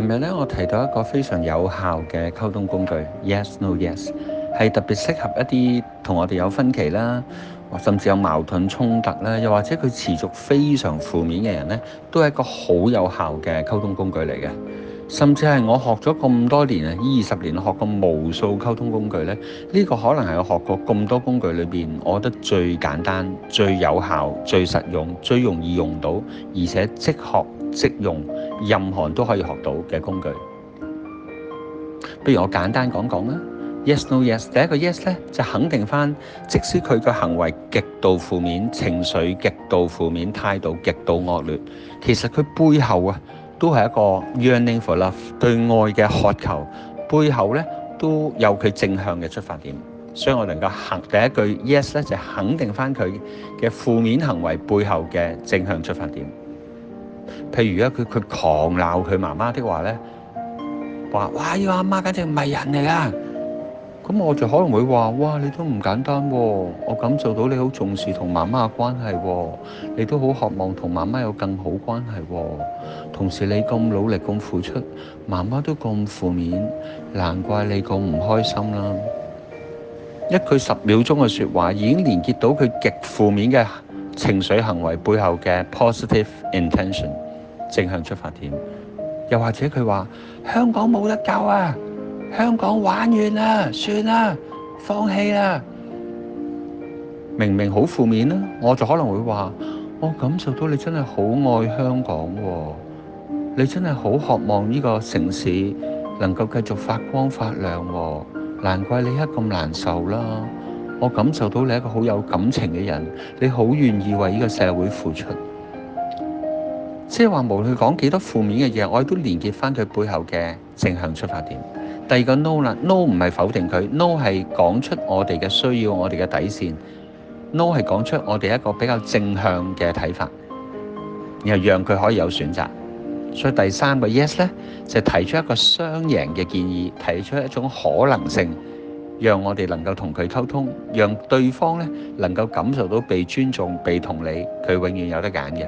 琴日咧，我提到一個非常有效嘅溝通工具，Yes No Yes，係特別適合一啲同我哋有分歧啦，或甚至有矛盾衝突啦，又或者佢持續非常負面嘅人咧，都係一個好有效嘅溝通工具嚟嘅。甚至係我學咗咁多年啊，二十年學過無數溝通工具咧，呢個可能係我學過咁多工具裏邊，我覺得最簡單、最有效、最實用、最容易用到，而且即學即用。任何都可以學到嘅工具，不如我簡單講講啦。Yes, no, yes。第一個 yes 咧，就肯定翻，即使佢嘅行為極度負面、情緒極度負面、態度極度惡劣，其實佢背後啊，都係一個 yearning for love 對愛嘅渴求，背後咧都有佢正向嘅出發點，所以我能夠行第一句 yes 咧，就肯定翻佢嘅負面行為背後嘅正向出發點。譬如咧，佢佢狂鬧佢媽媽的話咧，話哇要阿媽簡直唔係人嚟啦，咁我就可能會話，哇你都唔簡單、啊，我感受到你好重視同媽媽嘅關係、啊，你都好渴望同媽媽有更好關係、啊，同時你咁努力咁付出，媽媽都咁負面，難怪你咁唔開心啦、啊。一句十秒鐘嘅說話，已經連結到佢極負面嘅情緒行為背後嘅 positive intention 正向出發點，又或者佢話香港冇得救啊，香港玩完啦，算啦，放棄啦。明明好負面啦，我就可能會話，我感受到你真係好愛香港喎、啊，你真係好渴望呢個城市能夠繼續發光發亮喎、啊，難怪你一咁難受啦、啊。我感受到你係一個好有感情嘅人，你好願意為呢個社會付出。即係話無論講幾多負面嘅嘢，我亦都連結翻佢背後嘅正向出發點。第二個 no 啦，no 唔係否定佢，no 係講出我哋嘅需要，我哋嘅底線。no 係講出我哋一個比較正向嘅睇法，然後讓佢可以有選擇。所以第三個 yes 呢，就提出一個雙贏嘅建議，提出一種可能性。讓我哋能夠同佢溝通，讓對方咧能夠感受到被尊重、被同理，佢永遠有得揀嘅。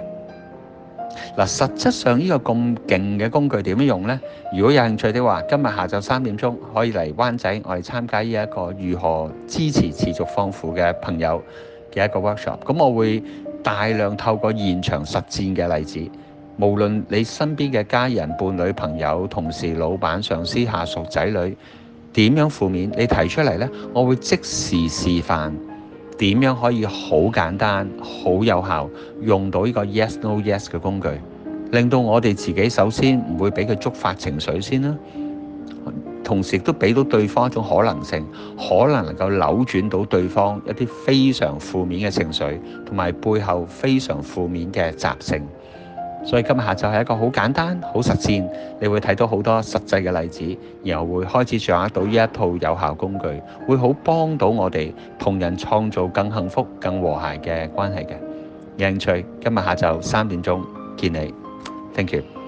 嗱，實質上呢個咁勁嘅工具點樣用呢？如果有興趣的話，今日下晝三點鐘可以嚟灣仔，我哋參加呢一個如何支持持續放負嘅朋友嘅一個 workshop。咁、嗯、我會大量透過現場實戰嘅例子，無論你身邊嘅家人、伴侶、朋友、同事、老闆、上司、下屬、仔女。點樣負面？你提出嚟呢，我會即時示範點樣可以好簡單、好有效用到呢個 Yes No Yes 嘅工具，令到我哋自己首先唔會俾佢觸發情緒先啦。同時都俾到對方一種可能性，可能能夠扭轉到對方一啲非常負面嘅情緒，同埋背後非常負面嘅習性。所以今日下晝係一個好簡單好實踐，你會睇到好多實際嘅例子，然後會開始掌握到呢一套有效工具，會好幫到我哋同人創造更幸福、更和諧嘅關係嘅。有興趣，今日下晝三點鐘見你。Thank you。